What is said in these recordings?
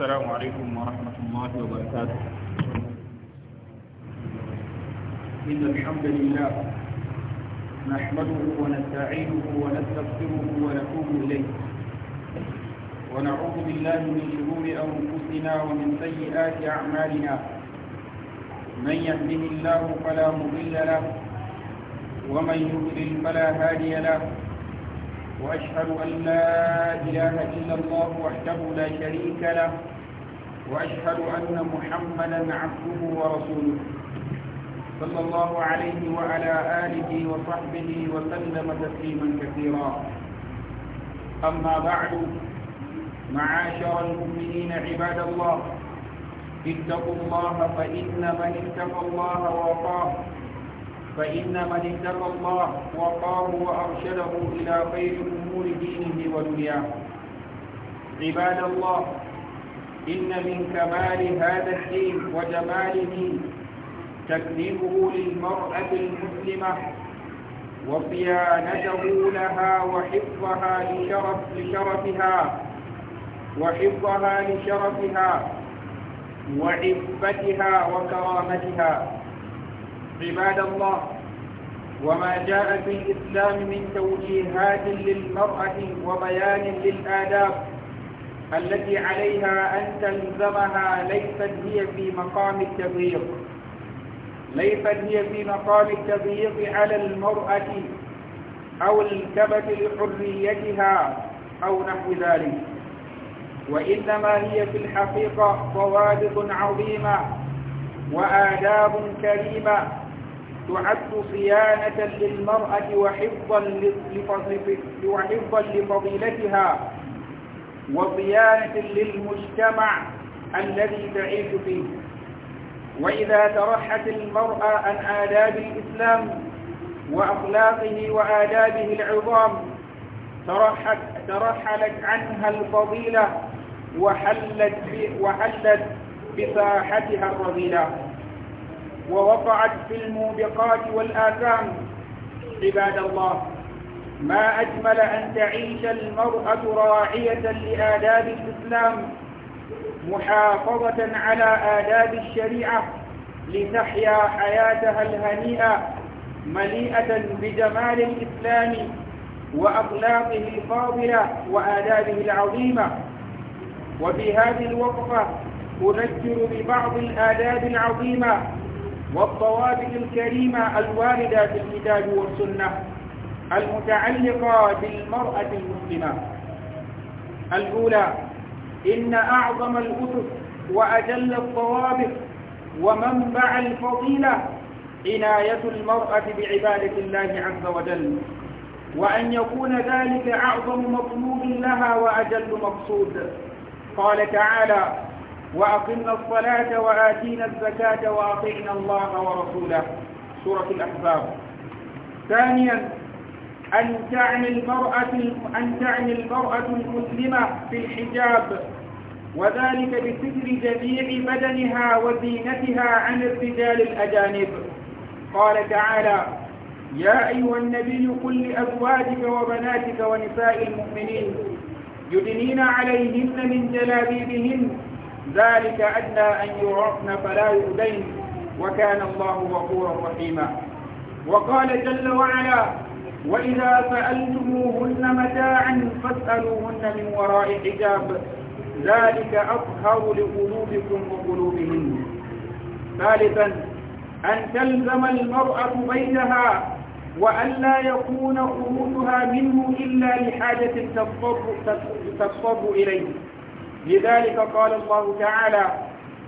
السلام عليكم ورحمة الله وبركاته إن الحمد لله نحمده ونستعينه ونستغفره ونتوب إليه ونعوذ بالله من شرور أنفسنا ومن سيئات أعمالنا من يهده الله فلا مضل له ومن يضلل فلا هادي له وأشهد أن لا إله إلا الله وحده لا شريك له وأشهد أن محمدا عبده ورسوله صلى الله عليه وعلى آله وصحبه وسلم تسليما كثيرا أما بعد معاشر المؤمنين عباد الله اتقوا الله فإن من اتقى الله وقاه فإن من اتقى الله وقاه وأرشده إلى خير أمور دينه ودنياه عباد الله إن من كمال هذا الدين وجماله تكذيبه للمرأة المسلمة وصيانته لها وحفظها لشرف لشرفها وحفظها لشرفها وعفتها وكرامتها عباد الله وما جاء في الإسلام من توجيهات للمرأة وبيان للآداب التي عليها أن تلزمها ليست هي في مقام التضييق ليست هي في مقام التضييق على المرأة أو الكبت لحريتها أو نحو ذلك وإنما هي في الحقيقة ضوابط عظيمة وآداب كريمة تعد صيانة للمرأة وحفظا لفضيلتها وصيانة للمجتمع الذي تعيش فيه وإذا ترحت المرأة عن آداب الإسلام وأخلاقه وآدابه العظام ترحت ترحلت عنها الفضيلة وحلت وحلت بساحتها الرذيلة ووقعت في الموبقات والآثام عباد الله ما أجمل أن تعيش المرأة راعية لآداب الإسلام محافظة على آداب الشريعة لتحيا حياتها الهنيئة مليئة بجمال الإسلام وأخلاقه الفاضلة وآدابه العظيمة وفي هذه الوقفة أذكر ببعض الآداب العظيمة والضوابط الكريمة الواردة في الكتاب والسنة المتعلقة بالمرأة المسلمة الأولى إن أعظم الأسس وأجل الضوابط ومنبع الفضيلة عناية المرأة بعبادة الله عز وجل وأن يكون ذلك أعظم مطلوب لها وأجل مقصود قال تعالى وأقمنا الصلاة وآتينا الزكاة وأطعنا الله ورسوله سورة الأحزاب ثانيا أن تعني المرأة أن تعني المرأة المسلمة في الحجاب وذلك بستر جميع بدنها وزينتها عن الرجال الأجانب قال تعالى يا أيها النبي قل لأزواجك وبناتك ونساء المؤمنين يدنين عليهن من جلابيبهن ذلك أدنى أن يعرفن فلا يؤذين وكان الله غفورا رحيما وقال جل وعلا وإذا سألتموهن متاعا فاسألوهن من وراء حجاب ذلك أطهر لقلوبكم وقلوبهن ثالثا أن تلزم المرأة بيتها وألا يكون خروجها منه إلا لحاجة تضطر إليه لذلك قال الله تعالى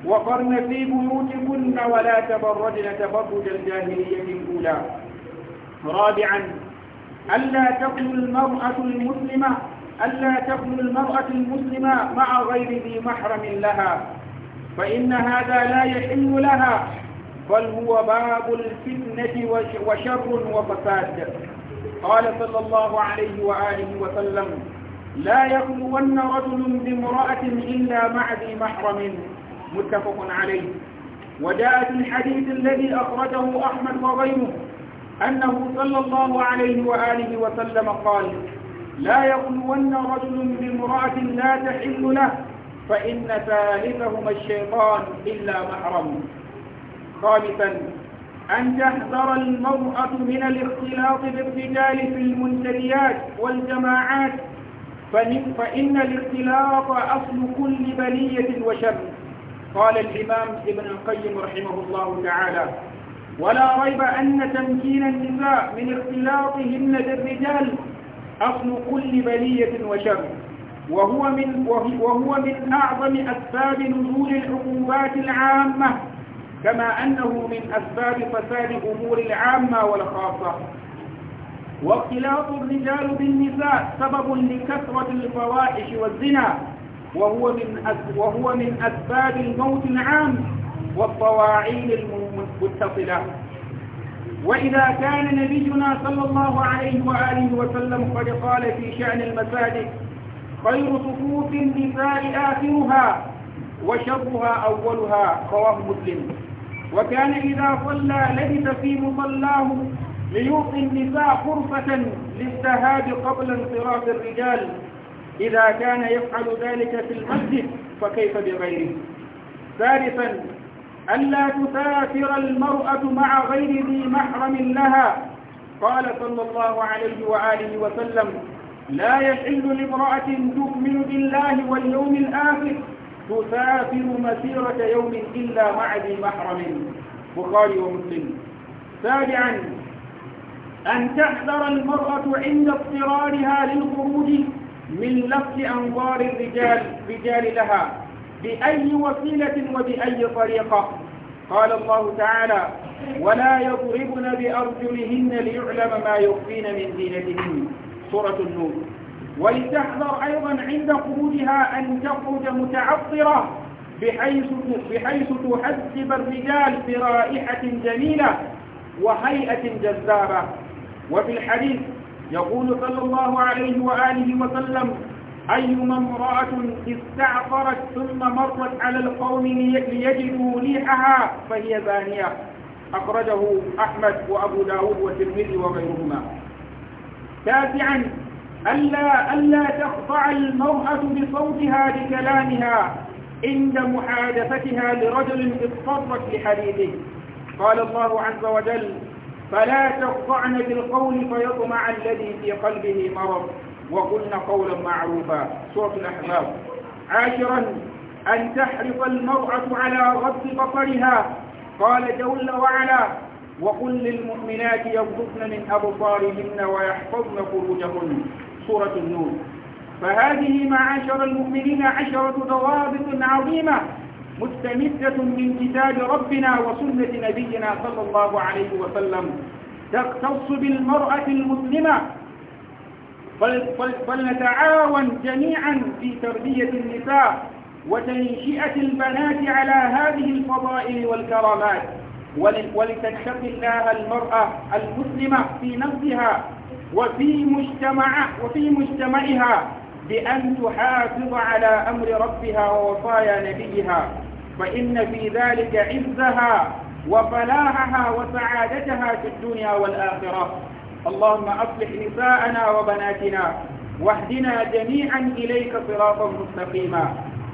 وقرن في بيوتكن ولا تبرجن تبرج الجاهلية الأولى رابعا ألا تخلو المرأة المسلمة ألا تخلو المرأة المسلمة مع غير ذي محرم لها فإن هذا لا يحل لها بل هو باب الفتنة وشر وفساد قال صلى الله عليه وآله وسلم لا يخلون رجل بامرأة إلا مع ذي محرم متفق عليه وجاء في الحديث الذي أخرجه أحمد وغيره أنه صلى الله عليه وآله وسلم قال لا يغلون رجل بامرأة لا تحل له فإن ثالثهما الشيطان إلا محرم خامسا أن تحذر المرأة من الاختلاط بالرجال في المنتديات والجماعات فإن الاختلاط أصل كل بلية وشر قال الإمام ابن القيم رحمه الله تعالى ولا ريب أن تمكين النساء من اختلاطهن بالرجال أصل كل بلية وشر وهو من, وهو من أعظم أسباب نزول العقوبات العامة كما أنه من أسباب فساد أمور العامة والخاصة واختلاط الرجال بالنساء سبب لكثرة الفواحش والزنا وهو من وهو من أسباب الموت العام والطواعين المتصلة وإذا كان نبينا صلى الله عليه وآله وسلم قد قال في شأن المساجد خير صفوف النساء آخرها وشرها أولها رواه مسلم وكان إذا صلى لبث في مصلاه ليعطي النساء فرصة للذهاب قبل انصراف الرجال إذا كان يفعل ذلك في المسجد فكيف بغيره ثالثا ألا تسافر المرأة مع غير ذي محرم لها قال صلى الله عليه وآله وسلم لا يحل لامرأة تؤمن بالله واليوم الآخر تسافر مسيرة يوم إلا مع ذي محرم بخاري ومسلم سابعا أن تحذر المرأة عند اضطرارها للخروج من لفظ أنظار الرجال رجال لها بأي وسيلة وبأي طريقة قال الله تعالى ولا يضربن بأرجلهن ليعلم ما يخفين من زينتهن سورة النور ولتحذر أيضا عند خروجها أن تخرج متعطرة بحيث بحيث تحسب الرجال برائحة جميلة وهيئة جذابة وفي الحديث يقول صلى الله عليه وآله وسلم أيما امرأة استعفرت ثم مرت على القوم ليجدوا ريحها فهي زانية أخرجه أحمد وأبو داود والترمذي وغيرهما تاسعا ألا ألا تخضع المرأة بصوتها لكلامها عند محادثتها لرجل اضطرت لحديثه قال الله عز وجل فلا تخضعن بالقول فيطمع الذي في قلبه مرض وقلنا قولا معروفا سورة الأحباب عاشرا أن تحرص المرأة على غض بصرها قال جل وعلا وقل للمؤمنات يغضبن من أبصارهن ويحفظن فروجهن سورة النور فهذه معاشر المؤمنين عشرة ضوابط عظيمة مستمدة من كتاب ربنا وسنة نبينا صلى الله عليه وسلم تختص بالمرأة المسلمة فلنتعاون جميعا في تربية النساء وتنشئة البنات على هذه الفضائل والكرامات ولتتقي الله المرأة المسلمة في نفسها وفي مجتمع وفي مجتمعها بأن تحافظ على أمر ربها ووصايا نبيها فإن في ذلك عزها وفلاحها وسعادتها في الدنيا والآخرة اللهم أصلح نساءنا وبناتنا واهدنا جميعا إليك صراطا مستقيما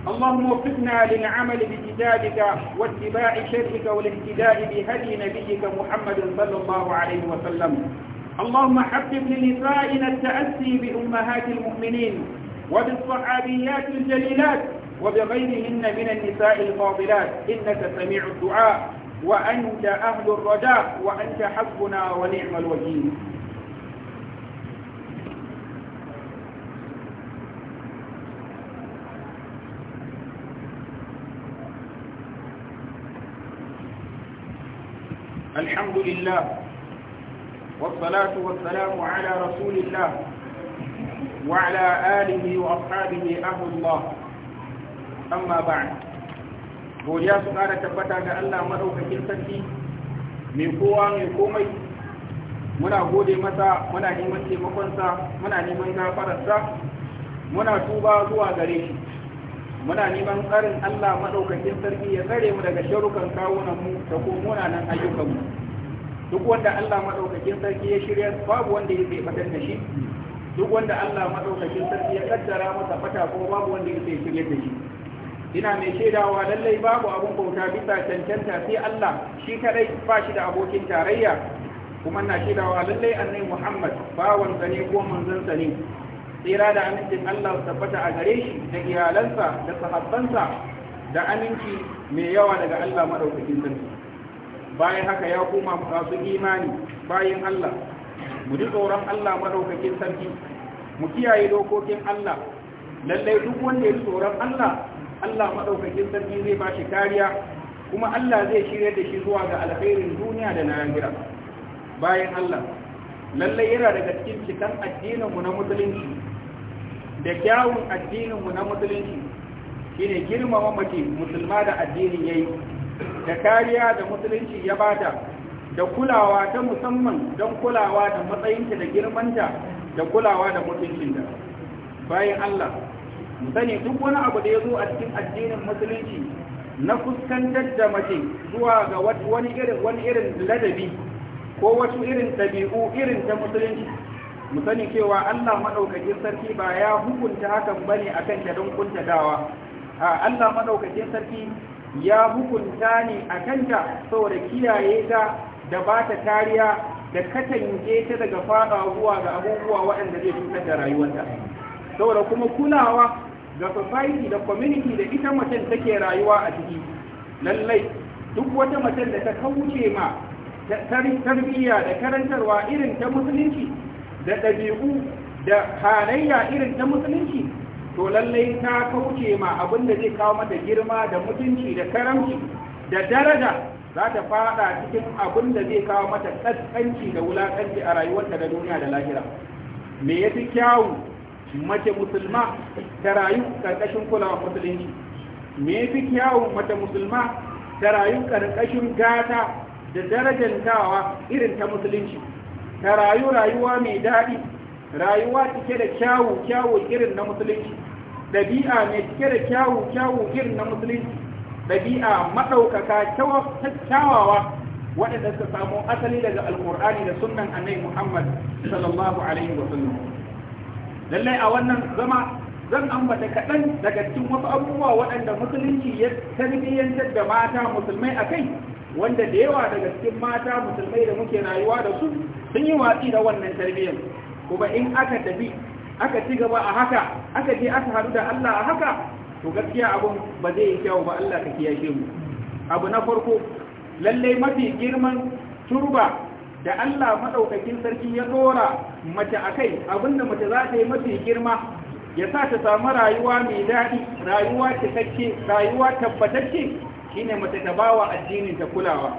اللهم وفقنا للعمل بكتابك واتباع شرعك والاهتداء بهدي نبيك محمد صلى الله عليه وسلم اللهم حبب لنسائنا التأسي بأمهات المؤمنين وبالصحابيات الجليلات وبغيرهن من النساء الفاضلات إنك سميع الدعاء وأنت أهل الرجاء وأنت حسبنا ونعم الوكيل الحمد لله والصلاة والسلام على رسول الله وعلى آله وأصحابه أهل الله أما بعد godiya su ƙara tabbata ga Allah maɗaukakin sarki mai kowa mai komai muna gode masa muna neman taimakonsa muna neman gafararsa muna tuba zuwa gare shi muna neman tsarin Allah maɗaukakin sarki ya tsare mu daga sharukan kawunan mu da ko munanan ayyukan mu duk wanda Allah madaukakin sarki ya shirya babu wanda ya fatan da shi duk wanda Allah madaukakin sarki ya kaddara masa fata ko babu wanda ya shirya da shi ina mai shaidawa lallai babu abun bauta bisa cancanta sai Allah shi kadai ba shi da abokin tarayya kuma na shaidawa lallai annai Muhammad bawan ne ko manzon ne tsira da amincin Allah tabbata a gare shi da iyalansa da sahabbansa da aminci mai yawa daga Allah maɗaukakin sarki bayan haka ya koma masu imani bayan Allah mu ji tsoron Allah maɗaukakin sarki mu kiyaye dokokin Allah lallai duk wanda ya tsoron Allah Allah maɗaukakin sarki zai ba shi kariya kuma Allah zai shirya da shi zuwa ga alkhairin duniya da na bayan Allah lallai yana daga cikin cikan mu na musulunci da kyawun addininmu na musulunci shine girmama mace musulma da addinin yayi da kariya da musulunci ya bata da kulawa ta musamman don kulawa da matsayinta da girmanta da kulawa da mutuncinta bayan Allah sani duk wani abu da ya zo a cikin addinin musulunci na fuskantar da mace zuwa ga wani irin wani irin ladabi ko wasu irin ɗabi'u irin ta musulunci mu sani cewa Allah madaukakin sarki ba ya hukunta hakan bane akan ta don kunta dawa? a Allah madaukakin sarki ya hukunta ne akan ta saboda kiyaye ta da ba ta kariya da katange ta daga fada zuwa ga abubuwa waɗanda zai cutar da rayuwarta saboda kuma kulawa ga society da community da ita macen take rayuwa a ciki lallai duk wata macen da ta kauce ma tarbiyya da karantarwa irin ta musulunci da ɗabi'u da halayya irin ta musulunci to lallai ta kauce ma abin da zai kawo mata girma da mutunci da karamci da daraja za ta fada cikin abin da zai kawo mata kaskanci da wulakanci a rayuwarta da duniya da lahira me ya fi kyawu mace musulma ta rayu ƙarƙashin kulawa musulunci me ya fi kyawu mace musulma ta rayu ƙarƙashin gata da darajantawa irin ta musulunci ka rayu rayuwa mai daɗi rayuwa cike da kyawu kyawu irin na musulunci ɗabi'a mai cike da kyawu kyawu irin na musulunci ɗabi'a maɗaukaka kyawawa waɗanda suka samu asali daga alƙur'ani da sunan annabi muhammad sallallahu alaihi wa sallam lallai a wannan zama zan ambata kaɗan daga cikin wasu abubuwa waɗanda musulunci ya tarbiyyantar da mata musulmai a kai wanda da yawa daga cikin mata musulmai da muke rayuwa da su sun yi watsi da wannan tarbiyyar kuma in aka tafi aka ci gaba a haka aka je aka haɗu da Allah a haka to gaskiya abun ba zai yi kyau ba Allah ka kiyashe mu abu na farko lallai mafi girman turba da Allah maɗaukakin sarki ya dora mace a kai abinda mace za ta yi mafi girma ya sa ta samu rayuwa mai daɗi rayuwa cikakke rayuwa tabbatacce shine mace ta bawa addinin ta kulawa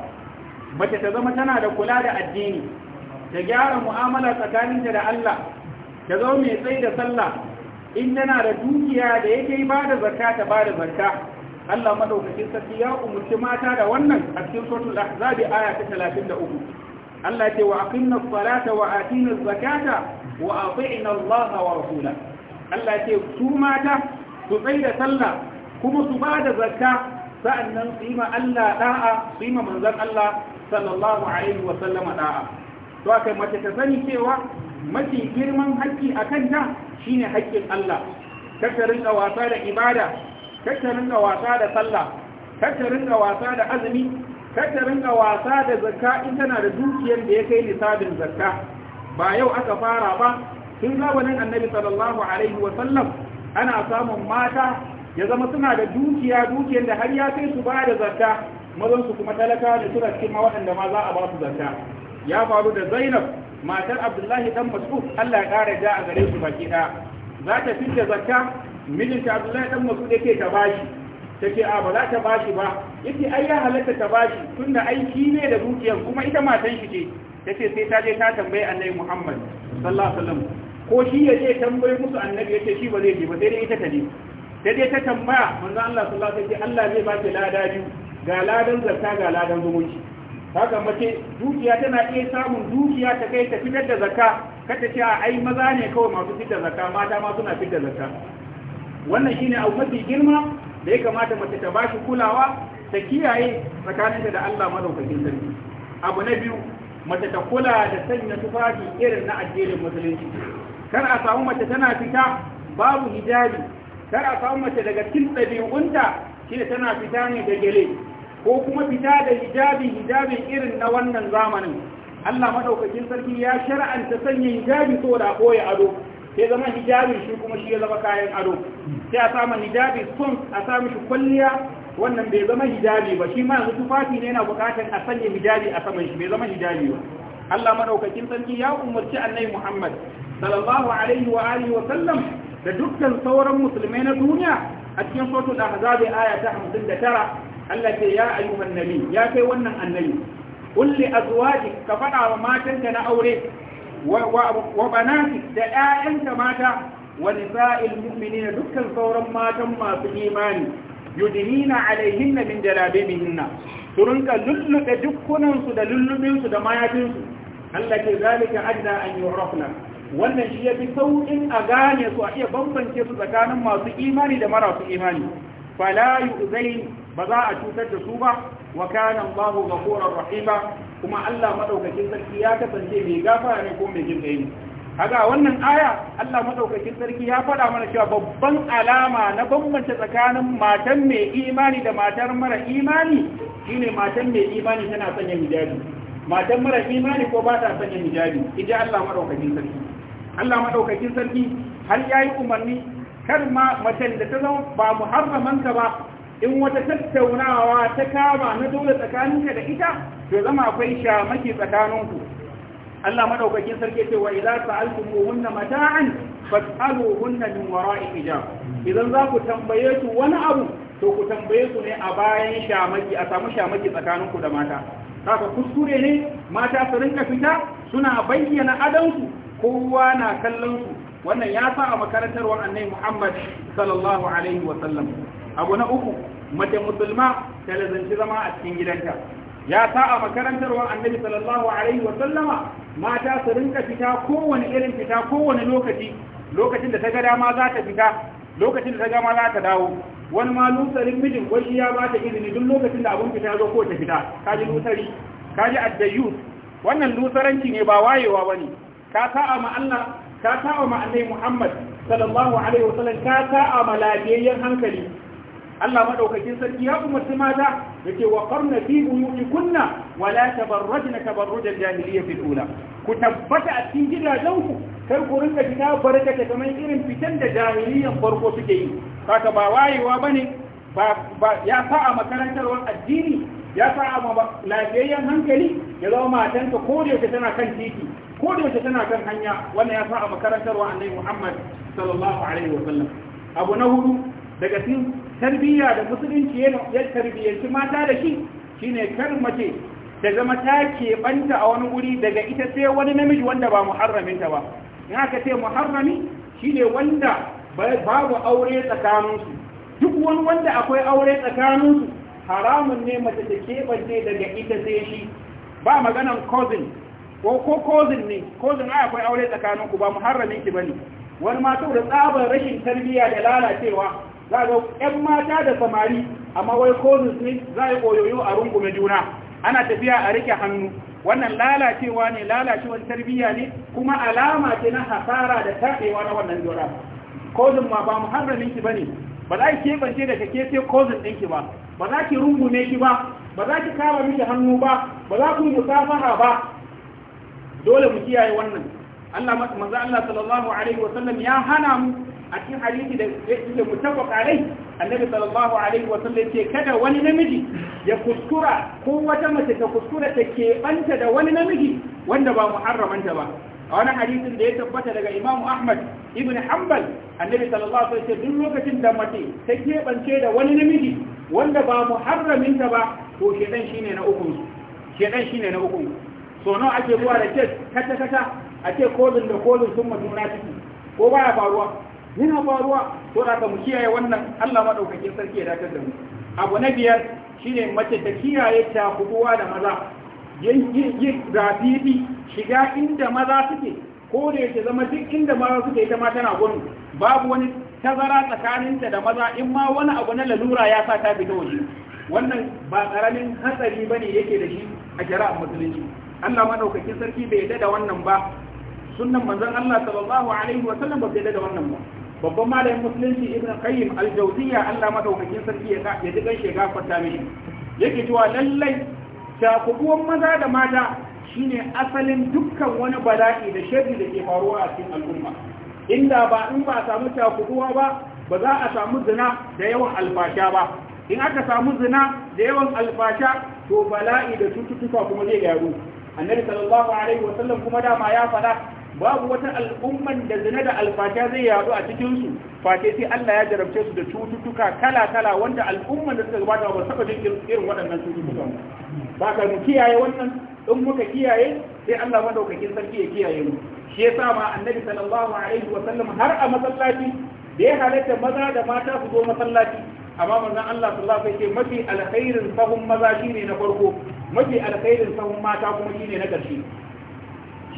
mace ta zama tana da kula da addini Da gyara mu'amala tsakaninta da Allah ta zo mai tsaye da sallah in tana da dukiya da yake ba da zakka ta ba da zakka Allah madaukakin sarki ya umurci mata da wannan a cikin suratul ahzab aya ta uku. Allah ce wa aqimna salata wa atina zakata wa ati'na Allah wa rasula Allah ce su mata su tsai da sallah kuma su ba da zakka sa'annan su yi ma Allah da'a su yi ma manzon Allah sallallahu alaihi wa sallama da'a to aka mace ta sani cewa mafi girman haƙƙi a kanta shine haƙƙin Allah kar rinka wasa da ibada kar rinka wasa da sallah kar rinka wasa da azumi kar rinka wasa da zakka in tana da dukiyar da ya kai nisabin zakka ba yau aka fara ba tun zamanin annabi sallallahu alaihi wa sallam ana samun mata ya zama suna da dukiya dukiyar da har ya kai su ba da zakka mazan su kuma talaka da suna cikin waɗanda ma za a ba su zakka ya faru da zainab matar abdullahi dan mas'ud Allah ya ƙara ja a gare su baki ɗaya za ta fitta zakka mijinta abdullahi dan mas'ud yake ta bashi ce a ba za ta bashi ba yake ai ya halatta ta bashi tunda aiki ne da dukiyar kuma ita matan shi ce sai ta je ta tambayi annabi Muhammad sallallahu alaihi wasallam ko shi ya je tambayi musu annabi yace shi ba zai je ba sai dai ita ta je sai dai ta tambaya manzo Allah sallallahu alaihi wasallam Allah zai ba ki lada biyu ga ladan zakka ga ladan zumunci kaga mace dukiya tana iya samun dukiya ta kai ta fitar da zakka kada ce a ai maza ne kawai masu fitar zakka mata ma suna fitar zakka wannan shine abu mafi girma da ya kamata mace ta bashi kulawa ta kiyaye tsakaninta da Allah madaukakin sarki abu na biyu mace ta kula da sanya tufafi irin na addinin musulunci kar a samu mace tana fita babu hijabi kar a samu mace daga cikin ɗabi'unta shine tana fita ne da gele ko kuma fita da hijabi hijabi irin na wannan zamanin Allah madaukakin sarki ya shar'anta sanya hijabi so da koya ado sai zama hijabi shi kuma shi ya zama kayan ado sai a samu hijabi sun a samu shi kwalliya wannan bai zama hijabi ba shi ma yanzu tufafi ne yana bukatar a sanya hijabi a saman shi bai zama hijabi ba Allah madaukakin sarki ya umarci annabi Muhammad sallallahu alaihi wa alihi wa sallam da dukkan sauran musulmai na duniya a cikin suratul ahzab aya ta 59 Allah ce ya ayyuhan nabi ya kai wannan annabi kulli azwaji ka faɗa wa matanka na aure wa banati da ƴaƴanka mata wa nisa'il mu'minina dukkan sauran matan masu imani yudnina alaihinna min jalabibihinna su rinka lullube dukkunan su da lullubin su da mayafin su Allah ke zalika adda an yu'rafna wannan shi yafi sauƙin a gane su a iya bambance su tsakanin masu imani da marasu imani fala yu'zain ba za a cutar da su ba wa kana Allahu ghafurur rahima kuma Allah madaukakin sarki ya kasance mai gafara ne ko mai jin kai kaga wannan aya Allah madaukakin sarki ya faɗa mana cewa babban alama na bambance tsakanin matan mai imani da matar mara imani shine matan mai imani tana sanya hijabi matan mara imani ko ba ta sanya hijabi idan Allah madaukakin sarki Allah madaukakin sarki har yayi umarni kar ma macen da ta zama ba muharramanka ba in wata tattaunawa ta kama na dole tsakaninka da ita to zama akwai shamaki tsakaninku Allah madaukakin sarki ce wa idza sa'altumuhunna mata'an fas'aluhunna min wara'i hijab idan za ku tambaye su wani abu to ku tambaye su ne a bayan shamaki a samu shamaki tsakaninku da mata Kaka kuskure ne mata su rinka fita suna bayyana adansu kowa na kallon su wannan ya sa a makarantar wa annabi Muhammad sallallahu alaihi wa sallam abu na uku mace musulma ta lazanci zama a cikin gidanta ya sa a wa annabi sallallahu alaihi wa sallama mata su rinka fita kowane irin fita kowane lokaci lokacin da ta ga dama za ta fita lokacin da ta gama za ta dawo wani ma lusarin mijin wani ya ba ta izini duk lokacin da abun fita zo ko ta fita kaji lusari ji addayu wannan lusaranci ne ba wayewa bane ka sa'a ma Allah ka sa'a ma Annabi Muhammad sallallahu alaihi sallam, ka sa'a ma lafiyayyen hankali Allah madaukakin sarki ya umarci mata yake wa qarna fi buyutikunna wa la tabarrajna tabarrujal jahiliyyati ula ku tabbata a cikin ku kar ku rinka fita barkata kamar irin fitan da jahiliyyan farko suke yi kaka ba wayewa bane ne ya sa a makarantar addini ya sa a lafiyayyen hankali ya zama matanka ko da yake tana kan titi ko da yake tana kan hanya wannan ya sa a makarantar annabi Muhammad sallallahu alaihi wa sallam abu na hudu daga cikin tarbiyya da musulunci ya tarbiyyanci mata da shi shine kar mace ta zama ta keɓanta a wani wuri daga ita sai wani namiji wanda ba muharraminta ba in aka ce muharrami shine wanda babu aure tsakaninsu duk wani wanda akwai aure tsakaninsu haramun ne mace ta keɓance daga ita sai shi ba maganan cousin ko ko cousin ne cousin ai akwai aure tsakaninku ba muharramin ki bane wani ma da tsabar rashin tarbiyya da lalacewa za a ‘yan mata da samari amma wai konus ne za a yi koyoyo a rungume juna ana tafiya a rike hannu wannan lalacewa ne lalacewar tarbiyya ne kuma alama ce na hasara da taɓewa na wannan jura kozin ma ba muharramin ki bane ba za ki keɓance da kake sai kozin ɗinki ba ba za ki rungume ki ba ba za ki kama miki hannu ba ba za ku yi musafaha ba dole mu kiyaye wannan Allah manzo Allah sallallahu alaihi wasallam ya hana mu a cikin hadisi da yake mutafa alai annabi sallallahu alaihi wa sallam kada wani namiji ya kuskura ko wata mace ta kuskura ta keɓanta da wani namiji wanda ba muharramanta ba a wani hadisin da ya tabbata daga imamu ahmad ibn hanbal annabi sallallahu alaihi wasallam duk lokacin da mace ta keɓance da wani namiji wanda ba muharraminta ba to shedan shine na uku shedan shine na uku. so nawa ake zuwa da kes kata kata a ce kolin da kolin sun matuna ciki ko ba ya faruwa yana faruwa ko da mu kiyaye wannan Allah madaukakin sarki ya dace da mu abu na biyar shine mace ta kiyaye ta kubuwa da maza yin rafiɗi shiga inda maza suke ko da yake zama duk inda maza suke ita ma tana gonu babu wani tazara tsakaninta da maza in ma wani abu na lalura ya sa ta fita waje wannan ba karamin hatsari bane yake da shi a shari'ar musulunci Allah madaukakin sarki bai yadda da wannan ba sunnan manzon Allah sallallahu alaihi wa sallam bai yarda da wannan ba babban malamin musulunci ibn qayyim al-jawziyya Allah madaukakin sarki ya ya dukan shi kwata mini yake cewa lallai takubuwan maza da mata shine asalin dukkan wani bala'i da sharri da ke faruwa a cikin al'umma inda ba in ba a samu takubuwa ba ba za a samu zina da yawan alfasha ba in aka samu zina da yawan alfasha to bala'i da cututtuka kuma zai gyaru annabi sallallahu alaihi wasallam kuma dama ya faɗa babu wata al'umman da zina da alfasha zai yadu a cikinsu face sai Allah ya jarabce su da cututtuka kala-kala wanda al'umman da suka gabata ba saba irin waɗannan cututtuka ba ka mu kiyaye wannan in muka kiyaye sai Allah madaukakin sarki ya kiyaye mu shi yasa ma annabi sallallahu alaihi wa sallam har a masallaci da ya halatta maza da mata su zo masallaci amma manzon Allah sallallahu alaihi wasallam mafi alkhairin sahun maza shine na farko mafi alkhairin sahun mata kuma shine na ƙarshe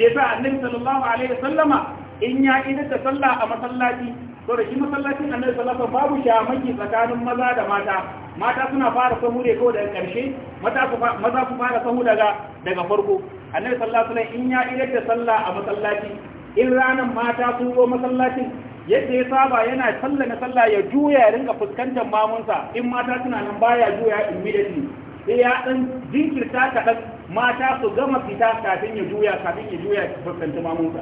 shi yasa annabi sallallahu alaihi sallama in ya idar da sallah a masallaci to da shi masallacin annabi sallallahu alaihi babu shamaki tsakanin maza da mata mata suna fara sahu ne ko daga karshe maza su fara sahu daga daga farko annabi sallallahu alaihi in ya idar da sallah a masallaci in ranan mata sun zo masallacin yadda ya saba yana sallana sallah ya juya ya rinka fuskantar mamunsa in mata suna nan baya juya immediately sai ya dan jinkirta kaɗan mata su gama fita kafin ya juya kafin ya juya fuskanci mamunsa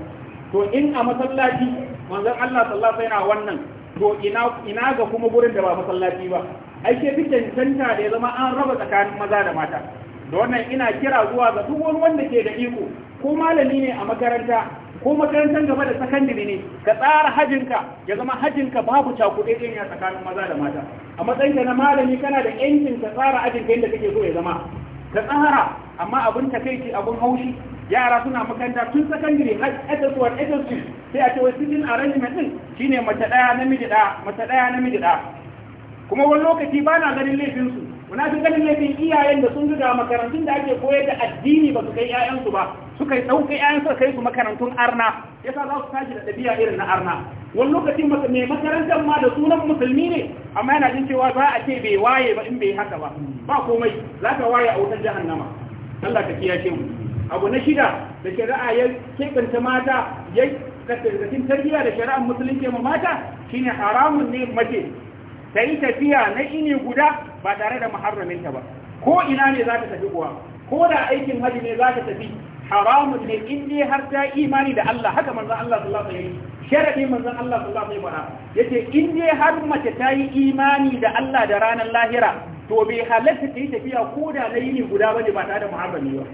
to in a masallaci manzon Allah sallallahu alaihi wasallam wannan to ina ina ga kuma gurin da ba masallaci ba ai ke fi tanta da ya zama an raba tsakanin maza da mata da wannan ina kira zuwa ga duk wani wanda ke da iko ko malami ne a makaranta ko makarantar gaba da sakandare ne ka tsara hajinka ya zama hajinka babu cakuɗe ɗin ya tsakanin maza da mata a matsayinka na malami kana da yankin ka tsara hajinka yadda kake so ya zama ka tsara amma abin ki abin haushi yara suna makaranta tun sakandare har ss1 sai a ce wai sitting arrangement din shine mace ɗaya namiji ɗaya mace ɗaya namiji ɗaya kuma wani lokaci ba na ganin laifinsu wani fi ganin laifin iyayen da sun zuga makarantun da ake koyar da addini ba su kai 'ya'yansu ba suka yi ɗauka ‘ya'yan suka kai su makarantun arna ya sa za su tashi da ɗabi'a irin na arna wani lokacin mai makarantar ma da sunan musulmi ne amma yana jin cewa za a ce bai waye ba in bai haka ba ba komai za ka waye a wutar jahannama Allah ka kiyaye mu abu na shida da shari'a ya keɓanta mata ya kasirgatin tarbiyya da shari'ar musulunci ma mata shine haramun ne mace ta yi tafiya na ini guda ba tare da muharraminta ba ko ina ne za ta tafi kuwa ko da aikin hajji ne za ta tafi Haramu ne in dai har ta imani da Allah haka manzon Allah sallallahu alaihi wasallam sharadi manzon Allah sallallahu alaihi wasallam yace in dai har mace ta yi imani da Allah da ranar lahira to bai halatta ta yi tafiya ko da laini guda ba ne ba tare da muhammadi ba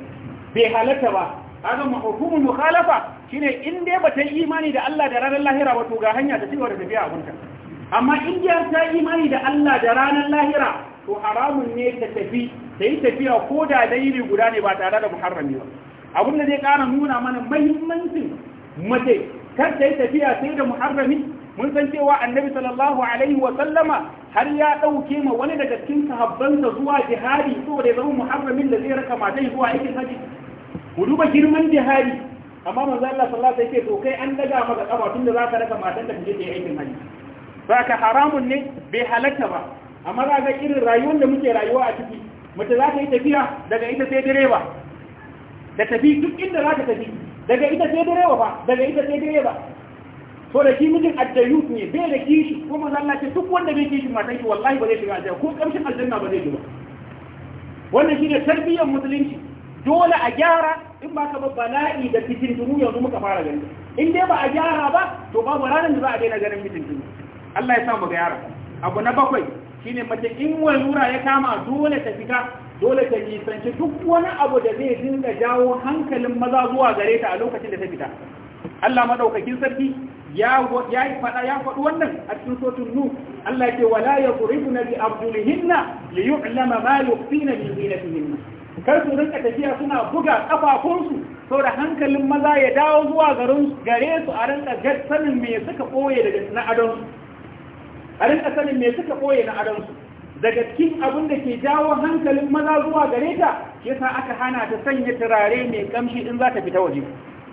bai halatta ba kaga hukumul mukhalafa shine in dai ba ta yi imani da Allah da ranar lahira ba to ga hanya ta cewa da tafiya a abunta amma in dai har ta yi imani da Allah da ranar lahira to haramun ne ta tafi ta yi tafiya ko da laini guda ne ba tare da muharrami ba abin da zai ƙara nuna mana mahimmancin mace kar ta yi tafiya sai da muharrami mun san cewa annabi sallallahu alaihi wa sallama har ya ɗauke ma wani daga cikin sahabbansa zuwa jihadi saboda ya zama muharramin da zai raka matai zuwa aikin haji ku duba girman jihadi amma manzo Allah sallallahu alaihi wasallam to kai an daga maka kafa tunda zaka raka matan da kuje ta yi aikin haji saka haramun ne bai halatta ba amma za ga irin rayuwar da muke rayuwa a ciki mace za ta yi tafiya daga ita sai direba da tafi duk inda za ka tafi daga ita sai direba ba daga ita sai direba to da shi mijin addayut ne bai da kishi ko manzo Allah ce duk wanda bai kishi matan shi wallahi ba zai shiga aljanna ko kamshin aljanna ba zai shiga wannan shine tarbiyyar musulunci dole a gyara in ba ka bala'i da duniya yanzu muka fara gani in dai ba a gyara ba to babu ranar da za a daina ganin fitintunu Allah ya sa mu ga yara abu na bakwai shine mace in walura ya kama dole ta fita dole ta nisanci duk wani abu da zai dinga jawo hankalin maza zuwa gare ta a lokacin da ta fita Allah madaukakin sarki ya ya fada ya faɗi wannan a cikin sotun nu Allah ke wala na bi arjulihinna li yu'lama ma na min zinatihinna kar su rinka tafiya suna buga kafafunsu saboda hankalin maza ya dawo zuwa garin gare su a rinka sanin me suka ɓoye na adon a rinka sanin me suka na adon daga cikin abin da ke jawo hankalin maza zuwa gare ta yasa aka hana ta sanya turare mai kamshi in za ta fita waje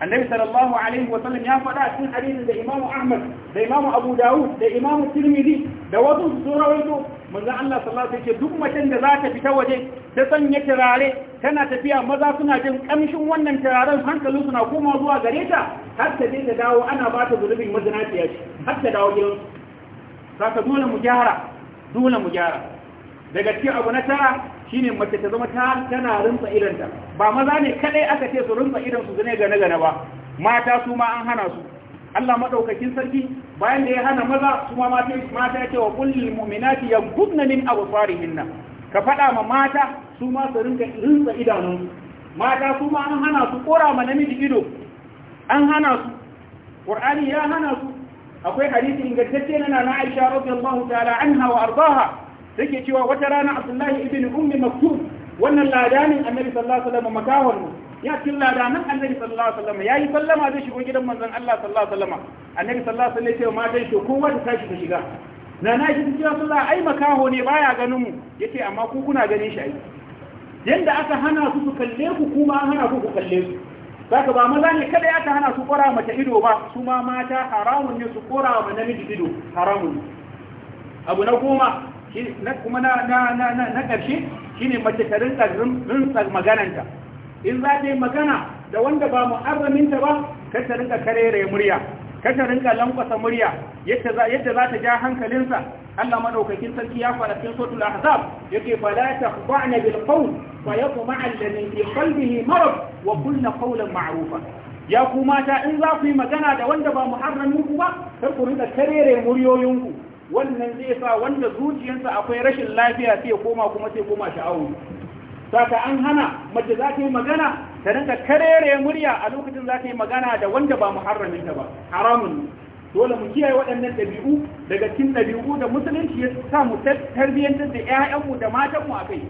annabi sallallahu alaihi wa sallam ya faɗa cikin hadisin da imamu ahmad da imamu abu dawud da imamu tirmidhi da wasu su rawaito manzo Allah sallallahu alaihi wasallam duk macen da za ta fita waje ta sanya turare tana tafiya maza suna jin kamshin wannan turaren hankalin suna koma zuwa gare ta har ta da dawo ana ba ta zulubin mazinaciya ce har ta dawo gidansu za ka dole mu gyara dole mu gyara daga cikin abu na tara shine mace ta zama ta tana rinsa idanta ba maza ne kadai aka ce su rinsa idan su zane gane gane ba mata su ma an hana su Allah madaukakin sarki bayan da ya hana maza su ma mata mata ya ce wa kullil mu'minati yaghudna min absarihinna ka fada ma mata su ma su rinka rinsa idanun mata su ma an hana su kora ma namiji ido an hana su qur'ani ya hana su akwai hadisi ingantacce na na Aisha radiyallahu ta'ala anha wa ardaha take cewa wata rana abdullahi ibn ummi maktub wannan ladanin annabi sallallahu alaihi wasallam makawar ya cikin ladanin annabi sallallahu alaihi wasallam yayi sallama zai shigo gidan manzon Allah sallallahu alaihi wasallam annabi sallallahu alaihi wasallam ya ce ma dai to kowa ta tashi ta shiga na na shi cikin sallah ai makaho ne baya ganin mu yace amma ku kuna ganin shi ai yanda aka hana su su kalle ku kuma an hana ku ku kalle su saka ba maza ne kada aka hana su kora mata ido ba su ma mata haramun ne su kora wa namiji ido haramun abu na goma na kuma na na na na na shine mace ta rinka rinsa magananta in za ta yi magana da wanda ba mu'arraminta ba kar ta rinka karere murya kar ta rinka lankwasa murya yadda za ta ja hankalinsa Allah madaukakin sarki ya fara cikin suratul ahzab yake fala takhba'na bil qawl fa yatma alladhi fi qalbihi marad wa qulna qawlan ma'rufa ya ku mata in za ku yi magana da wanda ba ku ba kar ku rinka karere muryoyinku wannan zai sa wanda zuciyarsa akwai rashin lafiya sai koma kuma sai koma sha'awu saka an hana mace za ta yi magana ta rinka karere murya a lokacin za ta yi magana da wanda ba muharramin ta ba haramun dole mu kiyaye waɗannan ɗabi'u daga cikin ɗabi'u da musulunci ya sa mu tarbiyyantar da ƴaƴanmu da matanmu a kai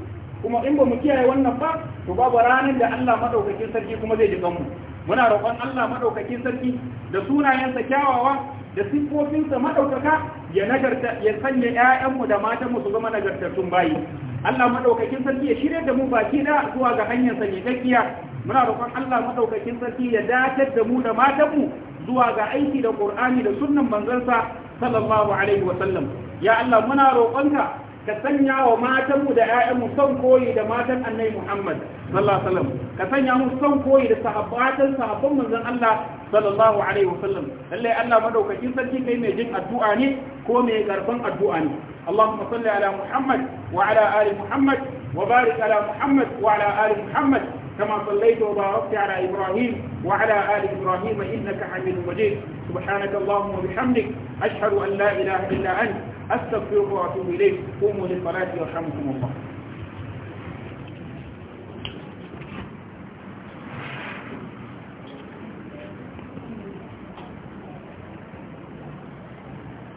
kuma in ba mu kiyaye wannan ba to babu ranar da Allah madaukakin sarki kuma zai ji mu muna roƙon Allah maɗaukakin sarki da sunayensa kyawawa da siffofinsa maɗaukaka ya nagarta ya sanya 'ya'yanmu da matanmu su zama nagartattun bayi Allah maɗaukakin sarki ya shirya da mu baki da zuwa ga hanyar sa miƙaƙiya muna roƙon Allah maɗaukakin sarki ya dace da mu da matanmu zuwa ga aiki da ƙur'ani da sunnan manzansa sallallahu alaihi wa sallam ya Allah muna roƙonka ka sanya wa matanmu da 'ya'yanmu son koyi da matan annai Muhammad sallallahu alaihi wasallam ka sanya mu son koyi da sahabbatan sahabban manzon Allah sallallahu alaihi wasallam lalle Allah madaukakin sarki kai mai jin addu'a ne ko mai karban addu'a ne Allahumma salli ala Muhammad wa ala ali Muhammad wa barik ala Muhammad wa ala ali Muhammad كما صليت وباركت على إبراهيم وعلى آل إبراهيم إنك حميد مجيد سبحانك اللهم وبحمدك أشهد أن لا إله إلا أنت أستغفرك وأتوب إليك قوموا للصلاة يرحمكم الله